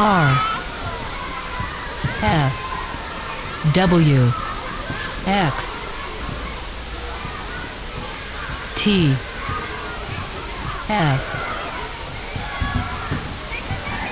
R F W X T F